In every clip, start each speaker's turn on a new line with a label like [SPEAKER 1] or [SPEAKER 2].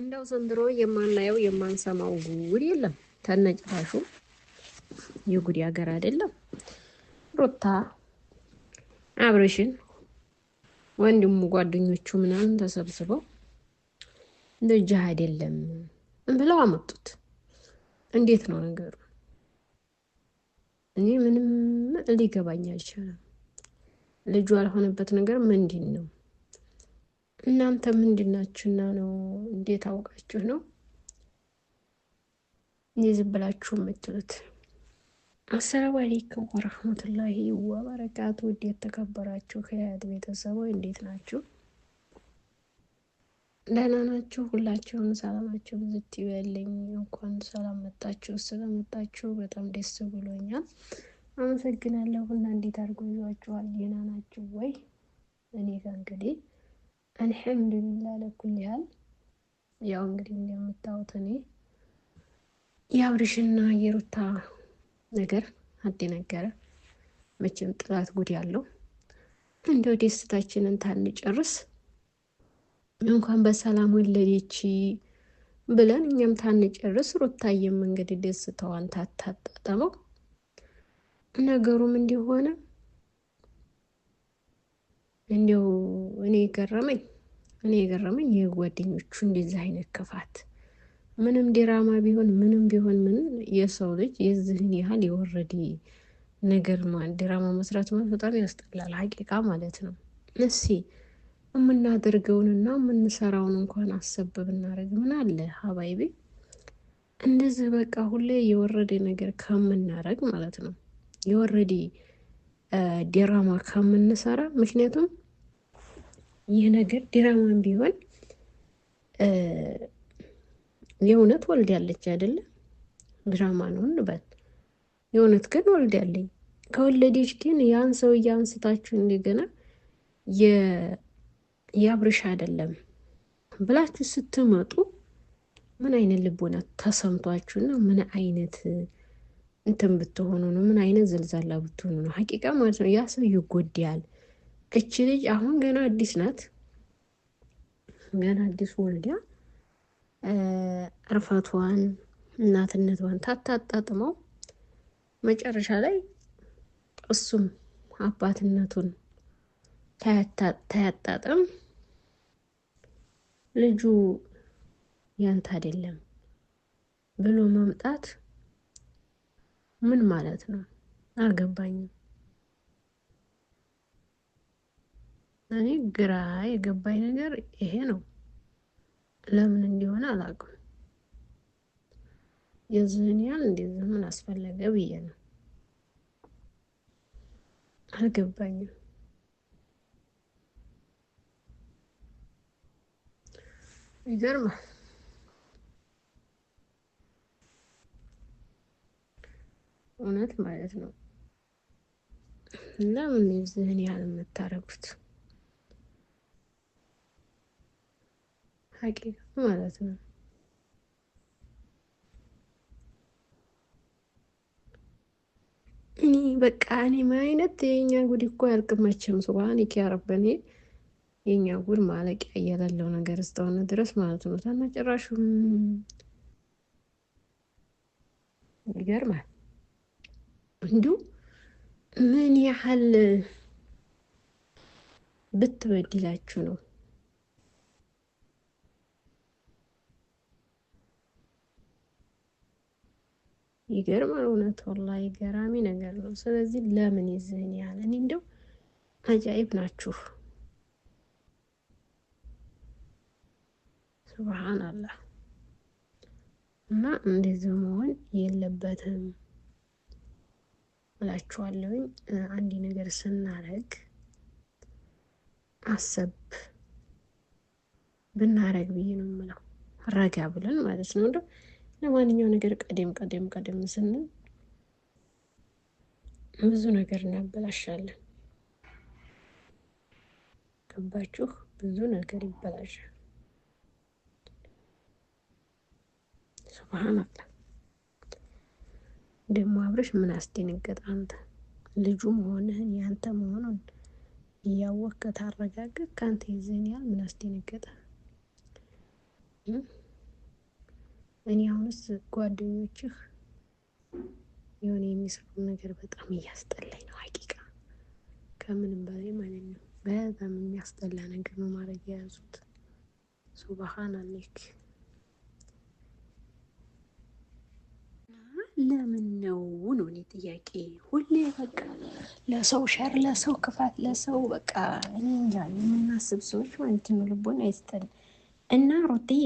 [SPEAKER 1] እንደው ዘንድሮ የማናየው የማንሰማው ጉድ የለም ተነጭራሹ የጉድ ሀገር አይደለም። ሩታ አብረሽን ወንድሙ ጓደኞቹ ምናምን ተሰብስበው ልጅህ አይደለም ብለው አመጡት። እንዴት ነው ነገሩ? እኔ ምንም ሊገባኝ አልቻለም። ልጁ ያልሆነበት ነገር ምንድን ነው? እናንተ ምንድናችሁና ነው? እንዴት አውቃችሁ ነው ዝም ብላችሁ የምትሉት? አሰላሙ አሌይኩም ወረህመቱላሂ ወበረካቱ። እንዴት ተከበራችሁ ከያት ቤተሰቦች እንዴት ናችሁ? ደህና ናችሁ? ሁላችሁም ሰላማችሁ ብዝት ይበልኝ። እንኳን ሰላም መጣችሁ። ስለመጣችሁ በጣም ደስ ብሎኛል። አመሰግናለሁ እና እንዴት አድርጎ ይዟችኋል? ዜና ናችሁ ወይ? እኔ እንግዲህ አልሐምዱሊላህ ለኩል ያህል ያው እንግዲህ እንደምታዩት እኔ የአብርሽና የሩታ ነገር አደነገረ። መቼም ጥላት ጉድ ያለው እንደው ደስታችንን ታንጨርስ እንኳን በሰላም ወለደች ብለን እኛም ታንጨርስ ሩታየም እንግዲህ ደስታዋን ታታጣጠመው። ነገሩም እንዲሆነ እንዲው እኔ ገረመኝ። እኔ የገረመኝ የጓደኞቹ እንደዚህ አይነት ክፋት ምንም ዲራማ ቢሆን ምንም ቢሆን ምንም የሰው ልጅ የዚህን ያህል የወረደ ነገር ዲራማ መስራት ማለት በጣም ያስጠላል። ሀቂቃ ማለት ነው። እሺ የምናደርገውንና የምንሰራውን እንኳን አሰብ ብናደርግ ምን አለ ሀባይቤ፣ እንደዚህ በቃ ሁሌ የወረደ ነገር ከምናደርግ ማለት ነው የወረደ ዲራማ ከምንሰራ ምክንያቱም ይህ ነገር ድራማን ቢሆን የእውነት ወልድ ያለች አይደለም፣ ድራማ ነው እንበል። የእውነት ግን ወልድ ያለኝ ከወለደች ግን ያን ሰውዬ አንስታችሁ እንደገና የአብርሽ አይደለም ብላችሁ ስትመጡ ምን አይነት ልቦና ተሰምቷችሁና ምን አይነት እንትን ብትሆኑ ነው? ምን አይነት ዘልዛላ ብትሆኑ ነው? ሀቂቃ ማለት ነው። ያ ሰው ይጎዳል። እቺ ልጅ አሁን ገና አዲስ ናት። ገና አዲስ ወልዳ እርፋቷን እናትነቷን ታታጣጥመው መጨረሻ ላይ እሱም አባትነቱን ታያጣጥም። ልጁ ያንተ አይደለም ብሎ መምጣት ምን ማለት ነው? አልገባኝም። እኔ ግራ የገባኝ ነገር ይሄ ነው። ለምን እንዲሆነ አላውቅም። የዚህን ያህል እንደዚህ ምን አስፈለገ ብዬ ነው አልገባኝም። ይገርማል። እውነት ማለት ነው። ለምን የዚህን ያህል የምታደርጉት? ሀቂቃ ማለት ነው። እኔ በቃ እኔ ምን አይነት የኛ ጉድ እኮ ያልቅመችም ስባን ይኪያረበኔ የኛ ጉድ ማለቂያ የሌለው ነገር እስከሆነ ድረስ ማለት ነው። ታና ጭራሹም ይገርማል። እንዲሁ ምን ያህል ብትበድላችሁ ነው ይገርማል። እውነት ወላሂ ገራሚ ነገር ነው። ስለዚህ ለምን ይዝህን ያለ እኔ እንደው አጃይብ ናችሁ። ሱብሃን አላህ እና እንደዚህ መሆን የለበትም እላችኋለሁኝ። አንድ ነገር ስናረግ አሰብ ብናረግ ብዬ ነው የምለው። ረጋ ብለን ማለት ነው እንደው ለማንኛው ነገር ቀደም ቀደም ቀደም ስንል ብዙ ነገር እናበላሻለን። ገባችሁ? ብዙ ነገር ይበላሻል። ሱብሃንአላ ደግሞ አብረሽ ምን አስደነገጥ? አንተ ልጁ መሆንህን ያንተ መሆኑን እያወቅህ ታረጋግጥ። ከአንተ ይዘን ያህል ምን አስደነገጠ? እኔ አሁንስ ጓደኞችህ የሆነ የሚሰሩ ነገር በጣም እያስጠላኝ ነው። ሀቂቃ ከምንም በላይ ማለት ነው። በጣም የሚያስጠላ ነገር ነው ማድረግ የያዙት። ሱብሃን አሌክ ለምን ነው ነው እኔ ጥያቄ ሁሌ በቃ ለሰው ሸር፣ ለሰው ክፋት፣ ለሰው በቃ እኔ እንጃ የምናስብ ሰዎች ማለት ነው ልቦን አይስጠን እና ሮትዬ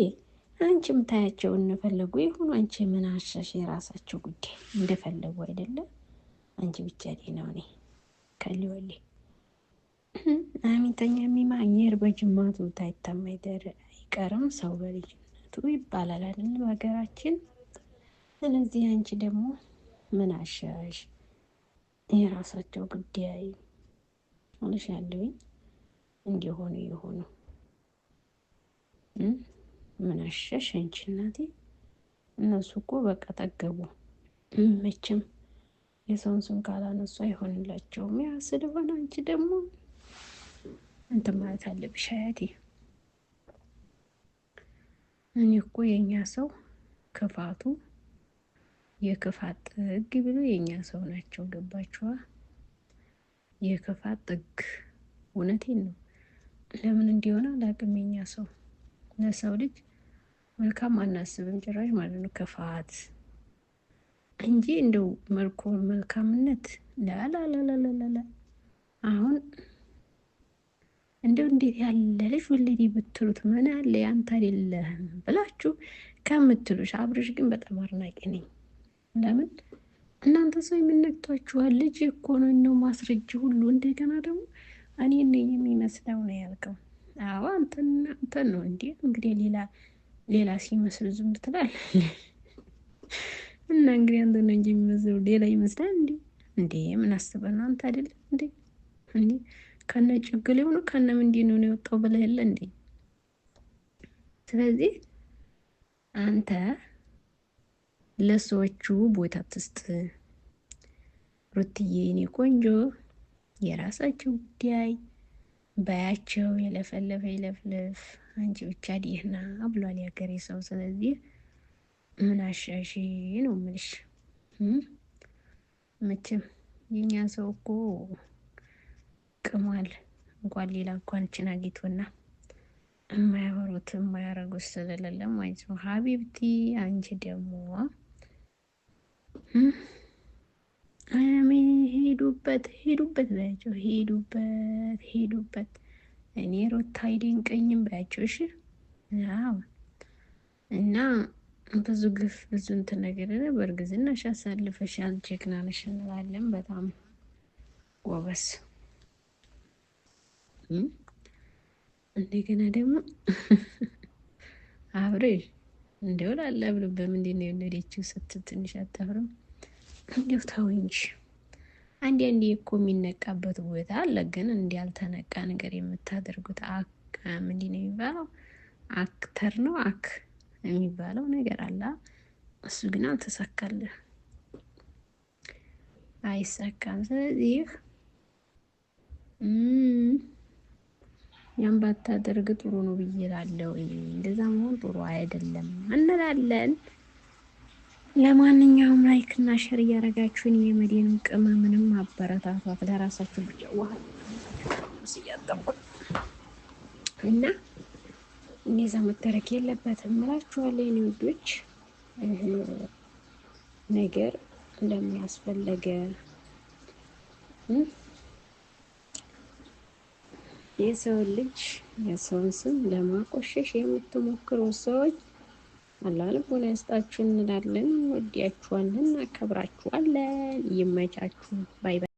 [SPEAKER 1] አንቺ የምታያቸው እንፈለጉ ይሁኑ። አንቺ ምን አሻሽ? የራሳቸው ጉዳይ እንደፈለጉ አይደለም። አንቺ ብቻ ነው እኔ ከሊ ከሊወሌ አሚንተኛ የሚማ አየር በጅማቱ ታይታማ አይቀርም ሰው በልጅነቱ ይባላል አይደል በሀገራችን። ስለዚህ አንቺ ደግሞ ምን አሻሽ? የራሳቸው ጉዳይ ሆነሻለኝ እንዲሆኑ ይሆኑ ምን አሸሽ አንቺ እናቴ። እነሱ እኮ በቃ ጠገቡ። መቼም የሰውን ስም ካላነሱ አይሆንላቸውም። ያ ስለሆነ አንቺ ደግሞ እንትን ማለት አለብሽ አያቴ። እኔ እኮ የእኛ ሰው ክፋቱ የክፋት ጥግ ብሎ የእኛ ሰው ናቸው። ገባችኋ? የክፋት ጥግ እውነቴን ነው። ለምን እንዲሆነ አላቅም የእኛ ሰው ለሰው ልጅ መልካም አናስብም ጭራሽ ማለት ነው። ክፋት እንጂ እንደው መልኮ መልካምነት ላላላላላላ አሁን እንደው እንዴት ያለ ልጅ ወለዴ ብትሉት ምን አለ ያንተ አይደለህም ብላችሁ ከምትሉሽ አብርሽ ግን በጣም አድናቂ ነኝ። ለምን እናንተ ሰው የምነግቷችኋል። ልጅ እኮ ነው ማስረጃ ሁሉ እንደገና ደግሞ እኔ ነኝ የሚመስለው ነው ያልከው አዎ አንተን አንተን ነው እንዴ እንግዲህ ሌላ ሌላ ሲመስል ዝም ብትላል እና እንግዲህ አንተ ነው እንጂ የሚመስለው ሌላ ይመስላል እንዴ እንዴ ምን አስበህ ነው አንተ አይደለም እንዴ እንዴ ከነ ጭግሌው ነው ከነ ምንድን ነው የወጣው ብለህ የለ እንዴ ስለዚህ አንተ ለሰዎቹ ቦታ ትስጥ ሩትዬ የኔ ቆንጆ የራሳቸው ጉዳይ በያቸው የለፈለፈ ይለፍልፍ፣ አንቺ ብቻ ዲህና ብሏል ያገሬ ሰው። ስለዚህ ምን አሻሺ ነው ምልሽ። መቼም የኛ ሰው እኮ ቅሟል። እንኳን ሌላ እንኳን ችን አግኝቶና የማያወሩት የማያረጉት ስለሌለ ማለት ነው። ሀቢብቲ አንቺ ደግሞ ሄዱበት ሄዱበት በያቸው፣ ሄዱበት ሄዱበት። እኔ ሩታ አይደንቀኝም በያቸው። እሺ አዎ። እና ብዙ ግፍ ብዙ እንትን ነገር በእርግዝናሽ አሳልፈሻል፣ ጀግና ነሽ እንላለን። በጣም ጎበስ። እንደገና ደግሞ አብሬ እንደው ላለ ብሎ በምንድን ነው የወለደችው ስትል ትንሽ አታፍርም? እንዲሁ ተው እንጂ አንድ አንዴ እኮ የሚነቃበት ቦታ አለ። ግን እንዲያልተነቃ ነገር የምታደርጉት አክ ምንድን ነው የሚባለው? አክተር ነው አክ የሚባለው ነገር አለ። እሱ ግን አልተሳካልህ፣ አይሳካም። ስለዚህ ያን ባታደርግ ጥሩ ነው ብዬ እላለሁ። እንደዛ መሆን ጥሩ አይደለም እንላለን። ለማንኛውም ላይክ እና ሸር እያደረጋችሁን የመዲንም ቅመምንም አበረታቷት። ለራሳችሁ ብቻ ውሃ እያጠቁን እና እንደዛ መደረግ የለበትም እላችኋለሁ። የኔ ውዶች ነገር ለምን አስፈለገ? የሰውን ልጅ የሰውን ስም ለማቆሸሽ የምትሞክሩ ሰዎች አላህ ልቦና ይስጣችሁ እንላለን። ወዲያችኋለን፣ እናከብራችኋለን። ይመቻችሁ። ባይ ባይ።